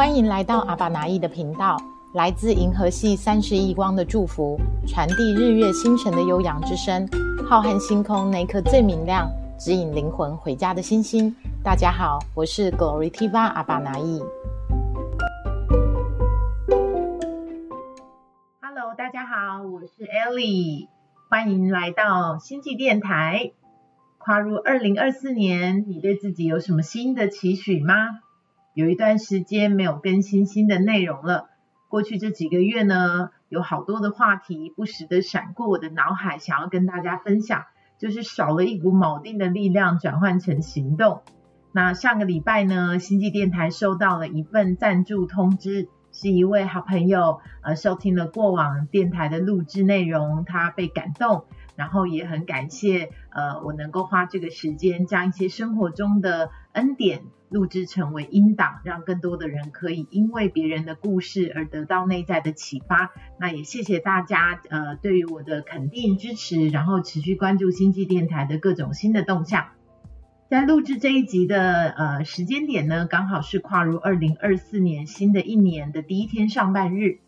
歡迎來到阿爸拿意的頻道，來自銀河系三十億光的祝福，傳遞日月星辰的悠揚之聲，浩瀚星空那顆最明亮，指引靈魂回家的星星。大家好，我是 Gloritiva 阿爸拿意。Hello，大家好，我是 Ellie。歡迎來到星際電台。跨入二零二四年，你對自己有什麼新的期許嗎？有一段時間沒有更新新的內容了。過去這幾個月呢，有好多的話題不時的閃過我的腦海，想要跟大家分享，就是少了一股錨定的力量轉換成行動。那上個禮拜呢，星際電台收到了一份贊助通知，是一位好朋友呃收聽了過往電台的錄制內容，他被感動，然後也很感謝呃我能夠花這個時間將一些生活中的恩典。錄製成為音檔，讓更多的人可以因為別人的故事而得到內在的啟發。那也謝謝大家，呃，對於我的肯定支持，然後持續關注星際電台的各種新的動向。在錄製這一集的呃時間點呢，剛好是跨入二零二四年新的一年的第一天上半日。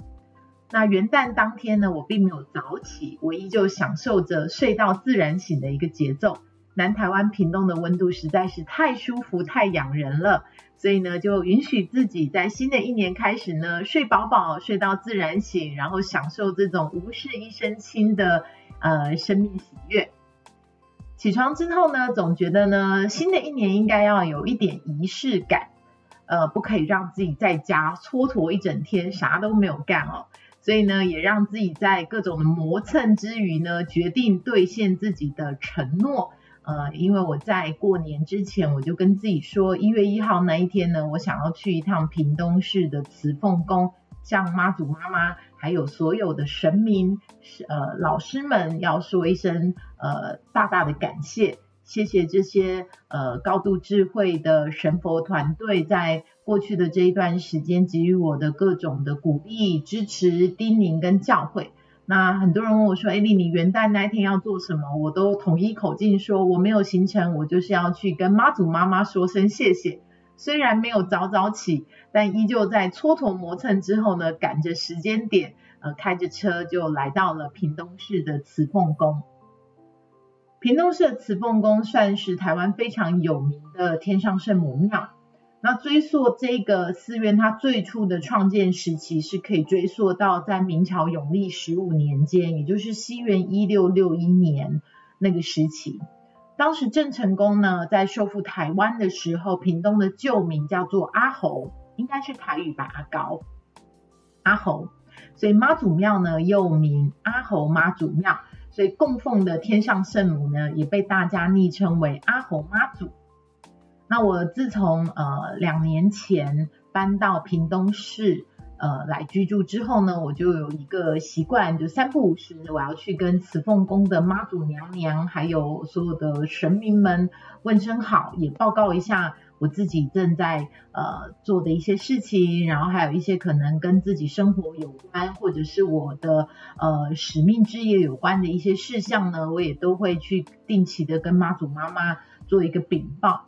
那元旦當天呢，我並沒有早起，我依舊享受着睡到自然醒的一個節奏。南台灣屏東的溫度實在是太舒服、太養人了，所以呢，就允許自己在新的一年開始呢，睡飽飽，睡到自然醒，然後享受這種無事一身輕的呃生命喜悅。起床之後呢，總覺得呢，新的一年應該要有一點儀式感，呃，不可以讓自己在家蹉跎一整天，啥都沒有幹哦。所以呢，也讓自己在各種的磨蹭之餘呢，決定兌現自己的承諾。呃，因為我在過年之前，我就跟自己說，一月一號那一天呢，我想要去一趟屏東市的慈鳳宮，向媽祖媽媽還有所有的神明，呃，老師們要說一聲，呃，大大的感謝，謝謝這些呃高度智慧的神佛團隊，在過去的這一段時間給予我的各種的鼓勵、支持、叮嚀跟教誨。那很多人問我說：“艾莉，你元旦那天要做什麼？”我都統一口徑說：“我沒有行程，我就是要去跟媽祖媽媽說聲謝謝。”雖然沒有早早起，但依舊在蹉跎磨蹭之後呢，趕着時間點，呃，開着車就來到了屏東市的慈鳳宮。屏東市的慈鳳宮算是台灣非常有名的天上聖母廟。那追溯這個寺院，它最初的創建時期是可以追溯到在明朝永曆十五年間，也就是西元一六六一年那個時期。當時鄭成功呢在收復台灣的時候，屏東的舊名叫做阿猴，應該是台語吧，阿高，阿猴，所以媽祖廟呢又名阿猴媽祖廟，所以供奉的天上聖母呢也被大家昵稱為阿猴媽祖。那我自從呃兩年前搬到屏東市呃來居住之後呢，我就有一個習慣，就三不五時，我要去跟慈鳳宮的媽祖娘娘還有所有的神明們問聲好，也報告一下我自己正在呃做的一些事情，然後還有一些可能跟自己生活有關或者是我的呃使命職業有關的一些事項呢，我也都會去定期的跟媽祖媽媽做一個稟報。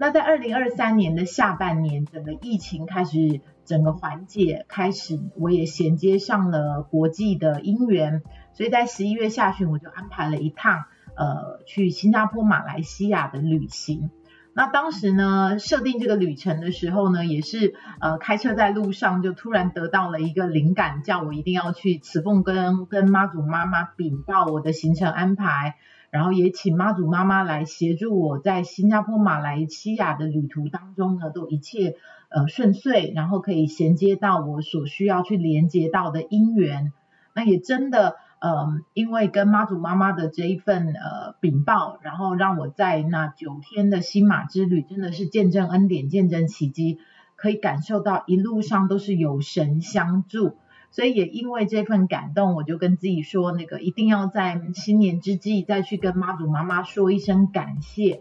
那在二零二三年的下半年，整個疫情開始，整個緩解開始，我也銜接上了國際的因緣，所以在十一月下旬我就安排了一趟，呃，去新加坡、馬來西亞的旅行。那當時呢，設定這個旅程的時候呢，也是呃開車在路上，就突然得到了一個靈感，叫我一定要去慈鳳跟跟媽祖媽媽稟報我的行程安排。然後也請媽祖媽媽來協助我在新加坡、馬來西亞的旅途當中呢，都一切呃順遂，然後可以銜接到我所需要去連接到的姻緣。那也真的呃、嗯，因為跟媽祖媽媽的這一份呃稟報，然後讓我在那九天的新馬之旅，真的是見證恩典、見證奇蹟，可以感受到一路上都是有神相助。所以也因為這份感動，我就跟自己說，那個一定要在新年之際再去跟媽祖媽媽說一聲感謝。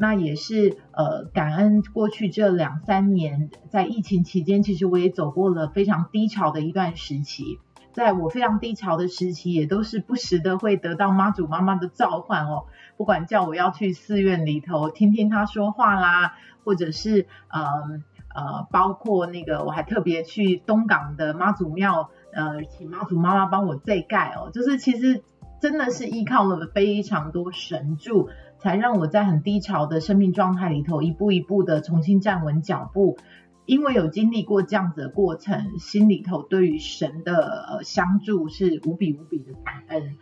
那也是呃，感恩過去這兩三年在疫情期間，其實我也走過了非常低潮的一段時期。在我非常低潮的時期，也都是不時的會得到媽祖媽媽的召喚哦，不管叫我要去寺院裡頭聽聽她說話啦，或者是嗯。呃呃，包括那個，我還特別去東港的媽祖廟，呃，請媽祖媽媽幫我遮蓋哦。就是其實真的是依靠了非常多神助，才讓我在很低潮的生命狀態裡頭，一步一步的重新站穩腳步。因為有經歷過這樣子的過程，心裡頭對於神的、呃、相助是無比無比的感恩。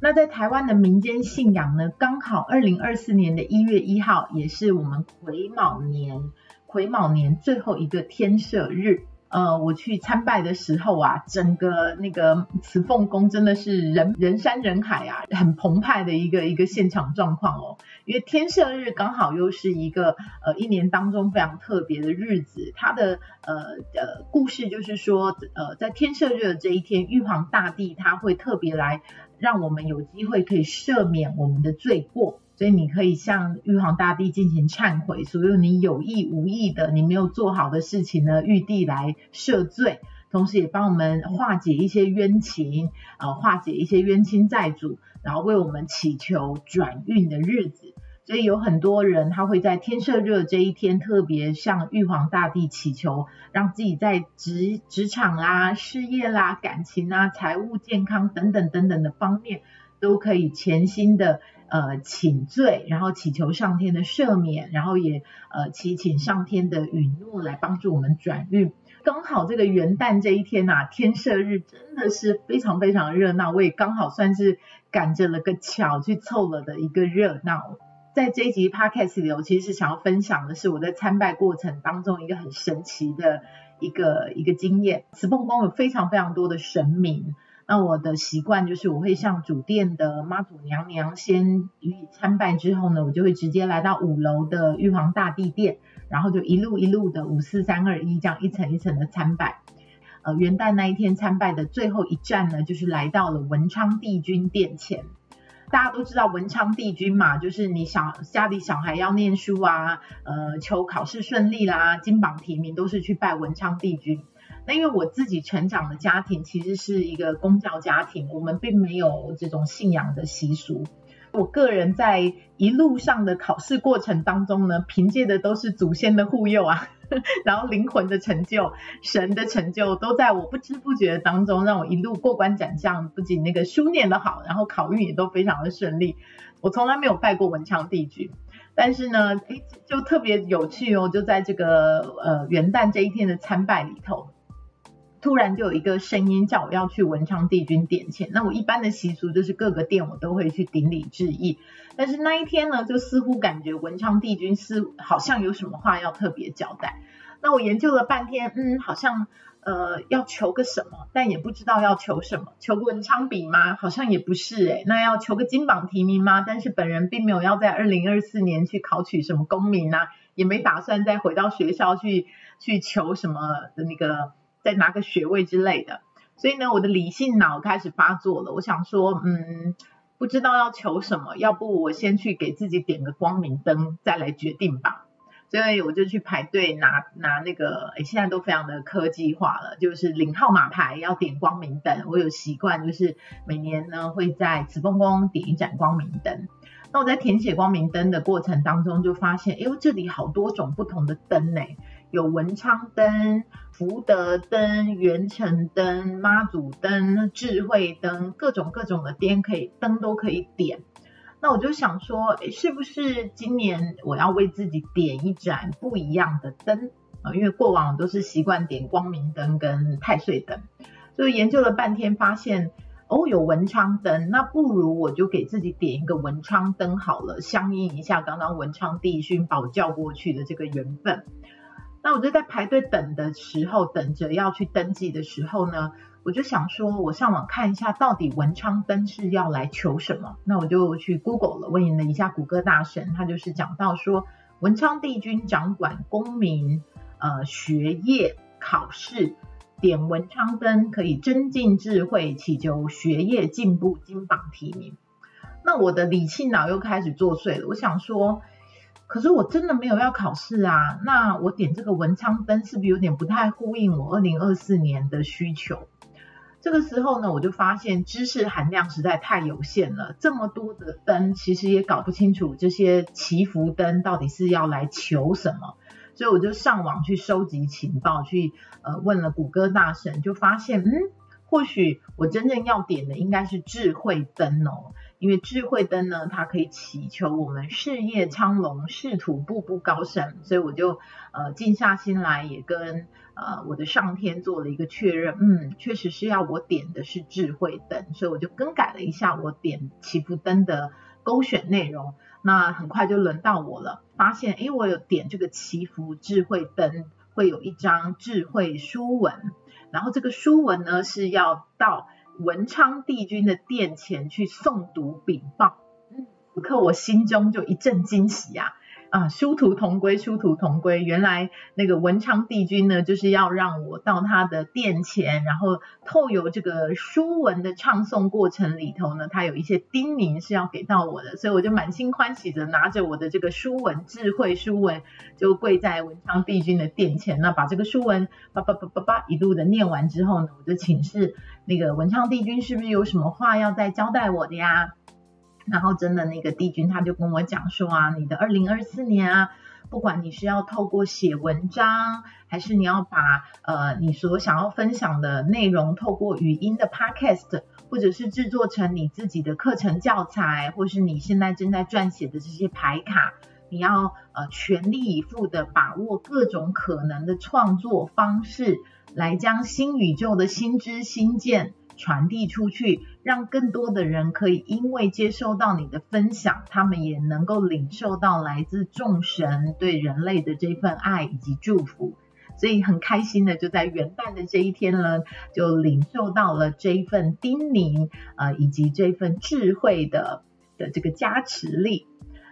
那在台灣的民間信仰呢，剛好二零二四年的一月一號也是我們癸卯年。癸卯年最後一個天赦日，呃，我去參拜的時候啊，整個那個慈鳳宮真的是人人山人海啊，很澎湃的一個一個現場狀況哦。因為天赦日剛好又是一個呃一年當中非常特別的日子，它的呃呃故事就是說，呃，在天赦日的這一天，玉皇大帝他會特別來，讓我們有機會可以赦免我們的罪過。所以你可以向玉皇大帝進行懺悔，所有你有意無意的你沒有做好的事情呢，玉帝來赦罪，同時也幫我們化解一些冤情，啊、呃，化解一些冤親債主，然後為我們祈求轉運的日子。所以有很多人，他會在天赦日這一天特別向玉皇大帝祈求，讓自己在職職場啊、事業啦、感情啊、財務、健康等等等等的方面，都可以虔心的呃請罪，然後祈求上天的赦免，然後也呃祈請上天的允諾來幫助我們轉運。剛好這個元旦這一天吶、啊，天赦日真的是非常非常的熱鬧，我也剛好算是趕着了個巧去湊了的一個熱鬧。在這一集 podcast 裡，我其實是想要分享的是我在參拜過程當中一個很神奇的一個一個經驗。慈鳳宮有非常非常多的神明，那我的習慣就是我會向主殿的媽祖娘娘先予以參拜之後呢，我就會直接來到五樓的玉皇大帝殿，然後就一路一路的五四三二一這樣一層一層的參拜。呃，元旦那一天參拜的最後一站呢，就是來到了文昌帝君殿前。大家都知道文昌帝君嘛，就是你小家裡小孩要念書啊，呃，求考試順利啦，金榜題名，都是去拜文昌帝君。那因為我自己成長的家庭其實是一個公教家庭，我們並沒有這種信仰的習俗。我個人在一路上的考試過程當中呢，憑借的都是祖先的護佑啊，呵，然後靈魂的成就、神的成就，都在我不知不覺當中讓我一路過關斬將。不僅那個書念得好，然後考運也都非常的順利。我從來沒有拜過文昌帝君，但是呢，哎，就特別有趣哦，就在這個呃元旦這一天的參拜裡頭。突然就有一個聲音叫我要去文昌帝君殿前，那我一般的習俗就是各個殿我都會去頂禮致意，但是那一天呢，就似乎感覺文昌帝君是好像有什麼話要特別交代。那我研究了半天，嗯，好像呃要求個什麼，但也不知道要求什麼。求文昌筆嗎？好像也不是誒、欸。那要求個金榜題名嗎？但是本人並沒有要在二零二四年去考取什麼功名啊，也沒打算再回到學校去去求什麼的那個。再拿個學位之類的，所以呢，我的理性腦開始發作了。我想說，嗯，不知道要求什麼，要不我先去給自己點個光明燈，再來決定吧。所以我就去排隊拿拿那個誒，現在都非常的科技化了，就是領號碼牌要點光明燈。我有習慣，就是每年呢會在紫峰宮點一盞光明燈。那我在填寫光明燈的過程當中，就發現，哎呦，這裡好多種不同的燈呢。有文昌燈、福德燈、元辰燈、媽祖燈、智慧燈，各種各種的燈可以，燈都可以點。那我就想說，欸，是不是今年我要為自己點一盞不一樣的燈？呃，因為過往我都是習慣點光明燈跟太歲燈，所以研究了半天，發現哦有文昌燈，那不如我就給自己點一個文昌燈好了，相應一下剛剛文昌帝君把我叫過去的這個緣分。那我就在排隊等的時候，等着要去登記的時候呢，我就想說，我上網看一下到底文昌燈是要來求什麼。那我就去 Google 了，問了一下谷歌大神，他就是講到說，文昌帝君掌管公民呃學業考試，點文昌燈可以增進智慧，祈求學業進步，金榜題名。那我的理性腦、啊、又開始作祟了，我想說。可是我真的沒有要考試啊，那我點這個文昌燈是不是有點不太呼應我二零二四年的需求？這個時候呢，我就發現知識含量實在太有限了，這麼多的燈，其實也搞不清楚這些祈福燈到底是要來求什麼，所以我就上網去收集情報，去呃問了谷歌大神，就發現，嗯，或許我真正要點的應該是智慧燈哦。因為智慧燈呢，它可以祈求我們事業昌隆，仕途步步高升，所以我就呃靜下心來，也跟呃我的上天做了一個確認，嗯，確實是要我點的是智慧燈，所以我就更改了一下我點祈福燈的勾選內容。那很快就輪到我了，發現哎，我有點這個祈福智慧燈，會有一張智慧書文，然後這個書文呢是要到。文昌帝君的殿前去誦讀稟報，此刻我心中就一陣驚喜啊。啊，殊途同歸，殊途同歸。原來那個文昌帝君呢，就是要讓我到他的殿前，然後透由這個書文的唱誦過程裡頭呢，他有一些叮嚀是要給到我的，所以我就滿心歡喜的拿着我的這個書文智慧書文，就跪在文昌帝君的殿前，那把這個書文叭叭叭叭叭一路的念完之後呢，我就請示那個文昌帝君是不是有什麼話要再交代我的呀？然後，真的那個帝君他就跟我講說啊，你的二零二四年啊，不管你是要透過寫文章，還是你要把呃你所想要分享的內容透過語音的 podcast，或者是制作成你自己的課程教材，或是你現在正在撰寫的這些牌卡，你要呃全力以赴地把握各種可能的創作方式，來將新宇宙的新知新建。傳遞出去，讓更多的人可以因為接收到你的分享，他們也能夠領受到來自眾神對人類的這份愛以及祝福。所以很開心的，就在元旦的這一天呢，就領受到了這一份叮嚀，呃，以及這份智慧的的這個加持力。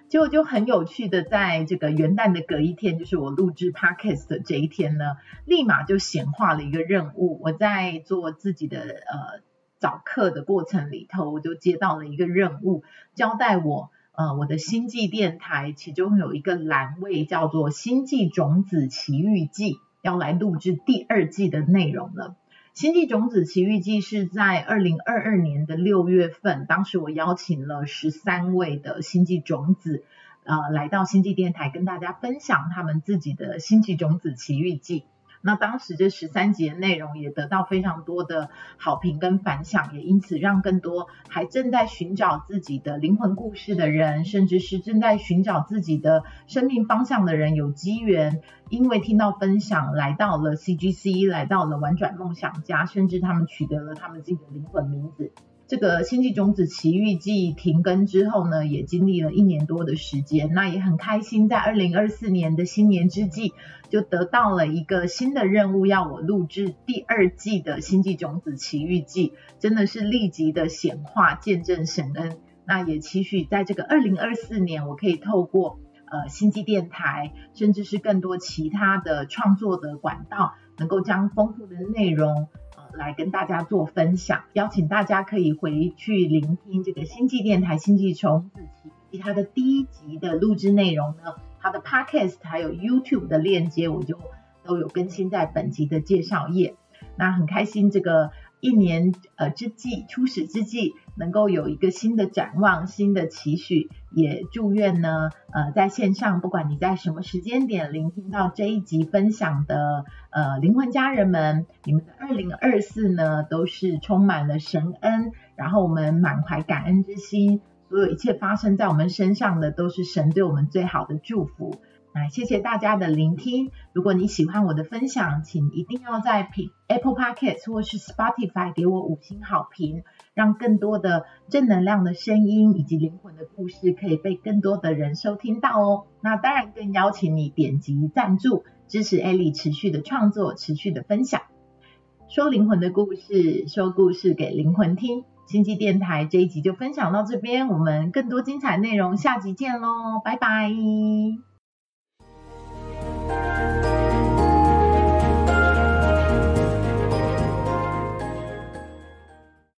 結果就很有趣的，在這個元旦的隔一天，就是我錄製 Podcast 的這一天呢，立馬就顯化了一個任務。我在做自己的呃早課的過程裡頭，我就接到了一個任務，交代我呃，我的星際電台其中有一個欄位叫做《星際種子奇遇記》，要來錄製第二季的內容了。《星際種子奇遇記》是在二零二二年的六月份，當時我邀請了十三位的星際種子，呃，來到星際電台跟大家分享他們自己的《星際種子奇遇記》。那當時這十三集的內容也得到非常多的好評跟反響，也因此讓更多還正在尋找自己的靈魂故事的人，甚至是正在尋找自己的生命方向的人，有機緣因為聽到分享，來到了 CGC，來到了玩轉夢想家，甚至他們取得了他們自己的靈魂名字。這個《星際種子奇遇記》停更之後呢，也經歷了一年多的時間，那也很開心，在二零二四年的新年之際，就得到了一個新的任務，要我錄製第二季的《星際種子奇遇記》，真的是立即的顯化見證神恩。那也期許在這個二零二四年，我可以透過呃星際電台，甚至是更多其他的創作的管道，能夠將豐富的內容。來跟大家做分享，邀請大家可以回去聆聽這個星際電台《星際種子奇遇記》以及它的第一集的錄製內容呢，它的 Podcast 還有 YouTube 的鏈接，我就都有更新在本集的介紹頁。那很開心，這個一年呃之際，初始之際。能夠有一個新的展望、新的期許，也祝願呢，呃，在線上，不管你在什麼時間點聆聽到這一集分享的，呃，靈魂家人們，你們的二零二四呢，都是充滿了神恩，然後我們滿懷感恩之心，所有一切發生在我們身上的，都是神對我們最好的祝福。來，謝謝大家的聆聽。如果你喜歡我的分享，請一定要在 Apple Podcast 或是 Spotify 給我五星好評，讓更多的正能量的聲音以及靈魂的故事可以被更多的人收聽到哦。那當然更邀請你點擊贊助，支持艾莉持續的創作，持續的分享。說靈魂的故事，說故事給靈魂聽。星際電台這一集就分享到這邊，我們更多精彩內容下集見嘍，拜拜。